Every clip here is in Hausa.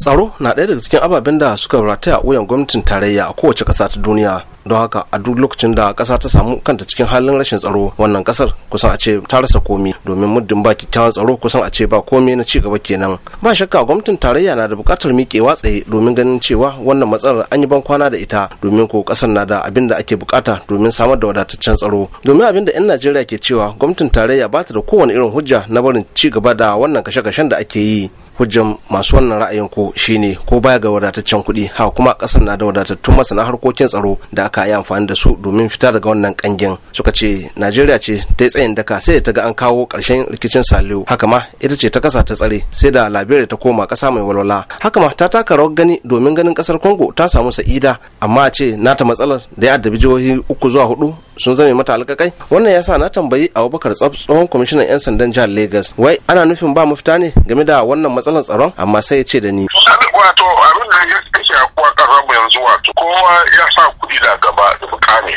tsaro na ɗaya daga cikin ababen da suka rataya a wuyan gwamnatin tarayya a kowace ƙasa ta duniya don haka a duk lokacin da ƙasa ta samu kanta cikin halin rashin tsaro wannan ƙasar kusan a ce ta rasa komi domin muddin ba kyakkyawan tsaro kusan a ce ba komi na cigaba kenan ba shakka gwamnatin tarayya na da buƙatar miƙewa tsaye domin ganin cewa wannan matsalar an yi ban kwana da ita domin ko ƙasar na da abin da ake buƙata domin samar da wadataccen tsaro domin abin da 'yan najeriya ke cewa gwamnatin tarayya ba ta da kowane irin hujja na barin cigaba da wannan kashe-kashen da ake yi hujjan masu wannan ra'ayin ko shine ko baya ga wadataccen kuɗi ha kuma ƙasar na da wadatattun masana harkokin tsaro da aka yi amfani da su domin fita daga wannan ƙangin suka ce najeriya ce ta tsayin daka sai ta ga an kawo ƙarshen rikicin saliu haka ma ita ce ta kasa ta tsare sai da liberia ta koma ƙasa mai walwala haka ma ta taka rawar gani domin ganin ƙasar congo ta samu sa'ida amma ce nata matsalar da ya addabi jihohi uku zuwa hudu sun zame mata alƙaƙai wannan yasa na tambayi abubakar tsaf tsohon kwamishinan 'yan sandan jihar lagos wai ana nufin ba mafita ne game da wannan matsalar matsalar tsaron amma sai ya ce da ni. wato abin da ya kashe a kuwa ƙasar mu yanzu wato kowa ya sa kuɗi da gaba da mukami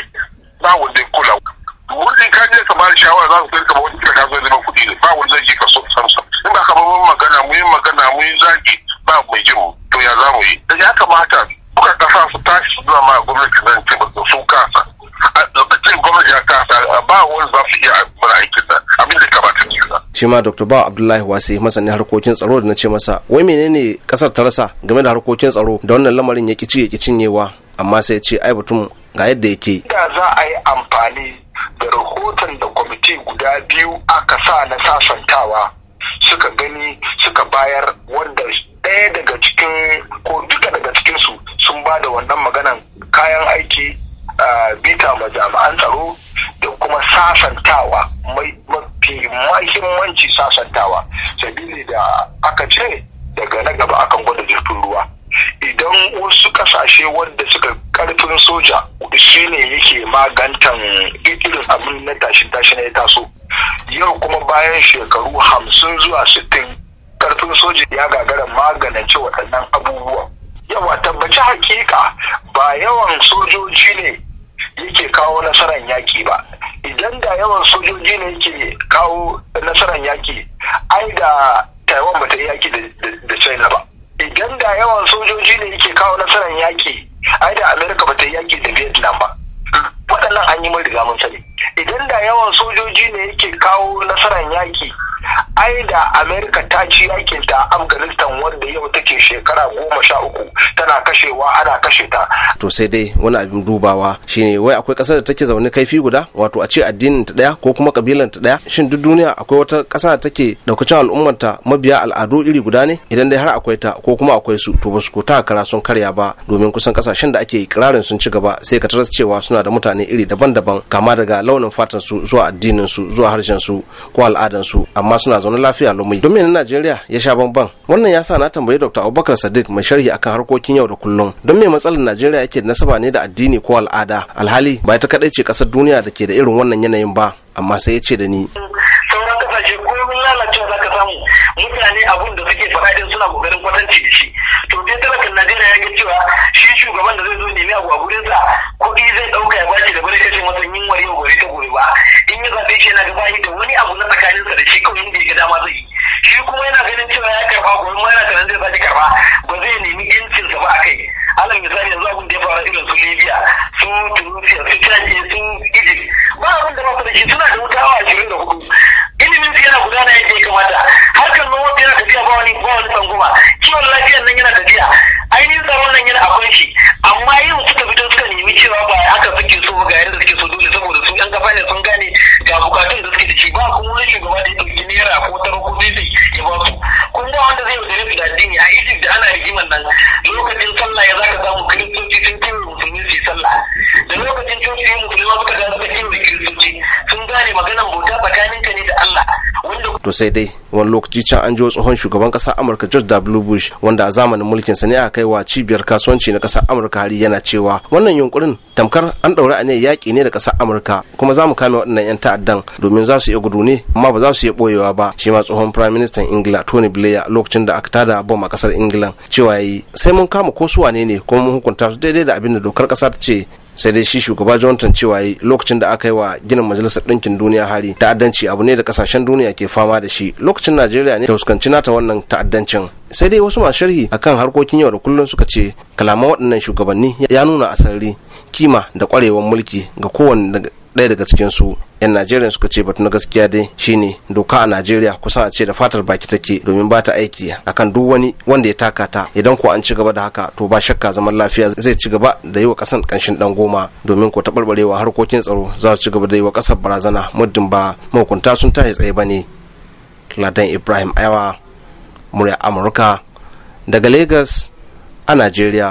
ba wanda ya kula wurin ka je ka ba da shawara za su kai ka ba wani kira kuɗi ba zai je ka so in ba ka ba mun magana mu yi magana mu yi zagi ba mai jin to ya za mu yi da ya kamata ƙasa su tashi su zama ma gwamnati nan ce ba su kasa a lokacin gwamnati ya kasa ba wani za su iya aikin nan abin da shi ma dr ba abdullahi Wasi, masanin harkokin tsaro da na ce masa wai menene kasar ta rasa game da harkokin tsaro da wannan lamarin ya kici ya ki cinyewa amma sai ce ai batun ga yadda yake da za a yi amfani da rahoton da kwamiti guda biyu aka sa na sasantawa suka gani suka bayar wanda ɗaya daga cikin ko duka daga cikin su sun ba da wannan maganan kayan aiki bita ma jami'an tsaro da kuma sasantawa mahimmanci sasantawa sabili da aka ce daga na gaba akan gwada jirgin ruwa idan wasu kasashe wanda suka karfin soja shi ne yake magantan irin abin na tashin tashi ya taso yau kuma bayan shekaru hamsin zuwa sittin karfin soja ya gagara maganance waɗannan abubuwa yawa tabbaci hakika ba yawan sojoji ne yake kawo nasarar yaki ba yawan sojoji ne yake kawo nasarar yaki ai da taiwan ba ta yi yaki da china ba idan da yawan sojoji ne yake kawo nasarar yaki ai da america ta yi yaki da vietnam ba waɗannan an yi mun riga mun sani idan da yawan sojoji ne yake kawo nasarar yaki ai da amerika ta ci yakin ta afghanistan wanda yau take shekara goma sha uku tana kashewa ana kashe ta to sai dai wani abin dubawa shine wai akwai kasar da take zaune kaifi guda wato a ce addinin ta daya ko kuma kabilan ta daya shin duk duniya akwai wata kasa da take daukacin al'ummar ta mabiya al'adu iri guda ne idan dai har akwai ta ko kuma akwai su to basu ko ta kara sun karya ba domin kusan kasashen da ake kirarin sun ci gaba sai ka taras cewa suna da mutane iri daban-daban kama daga launin fatan su zuwa addinin su zuwa harshen su ko al'adan su amma suna zaune lafiya lumai na najeriya ya sha bamban wannan ya sa na tambayi dr abubakar sadiq mai sharhi akan harkokin yau da kullum don me matsalar najeriya yake da nasaba ne da addini ko al'ada alhali ba ta kadai ce kasar duniya da ke da irin wannan yanayin ba amma sai ya ce da ni sauran kasashe komin lalacewa za ka samu mutane abun da suke faɗa din suna kokarin kwatanci da shi to dai talakan najeriya ya ga cewa shi shugaban da zai zo nemi abu a gurinsa kuɗi zai ɗauka ya bace da bari kashe masa yin wari gobe ta gobe ba in ya zaɓe shi yana ga bashi da wani abu na dama zai yi shi kuma yana ganin cewa ya karba gobe ma yana ganin zai sake karba ba zai nemi yancin sa ba a kai alal misali yanzu abin da ya faru irin su libya su tunisia su chadi su egypt ba abin da ba su da shi suna da wuta wutawa ashirin da hudu ilimin su yana gudana yadda ya kamata harkar noma yana tafiya ba wani ba wani tsanguma kiwon lafiyan nan yana tafiya ainihin tsaron nan yana akwai shi amma yin suka fito nemi cewa ba haka suke so ga yadda suke so dole saboda su yan gaba ne sun gane ga bukatun da suke da shi ba kuma wani shugaba da ya ɗauki naira ko ta ko zai ya ba su kun ba wanda zai yaudare su da addini a Egypt da ana rigiman nan lokacin sallah ya zaka samu kiristoci sun kewaye musulmi su yi sallah da lokacin coci musulma suka ga suka kewaye kiristoci sun gane maganan bauta tsakanin ka to sai dai wani lokaci can an jiwo tsohon shugaban ƙasar amurka george w bush wanda a zamanin mulkin sa ne aka kai wa cibiyar kasuwanci na ƙasar amurka hari yana cewa wannan yunkurin tamkar an ɗaura ne yaƙi ne da ƙasar amurka kuma za mu kame waɗannan 'yan ta'addan domin za su iya gudu ne amma ba za su iya ɓoyewa ba shi ma tsohon prime minister ingila tony blair lokacin da aka tada bom a kasar ingila cewa ya yi sai mun kama ko su wane ne kuma mun hukunta su daidai da abin da dokar kasa ta ce sai dai shi shugaba johnson cewa yi lokacin da aka yi wa ginin majalisar ɗinkin duniya hari ta'addanci abu ne da kasashen duniya ke fama da shi lokacin najeriya ne ta fuskanci nata wannan ta'addancin sai dai wasu masu sharhi akan harkokin yau da kullum suka ce kalaman waɗannan shugabanni ya nuna asali kima da ƙwarewar mulki ga kowane ɗaya daga cikin su yan najeriya suka ce batu na gaskiya dai shine doka a najeriya kusa a ce da fatar baki take domin ba ta aiki akan duk wani wanda ya taka ta idan ko an ci gaba da haka to ba shakka zaman lafiya zai ci gaba da yi wa kasan kanshin ɗan goma domin ko taɓarɓarewa harkokin tsaro za su ci gaba da yi wa kasar barazana muddin ba mahukunta sun tashi tsaye ba ne ladan ibrahim aiwa murya amurka daga lagos a najeriya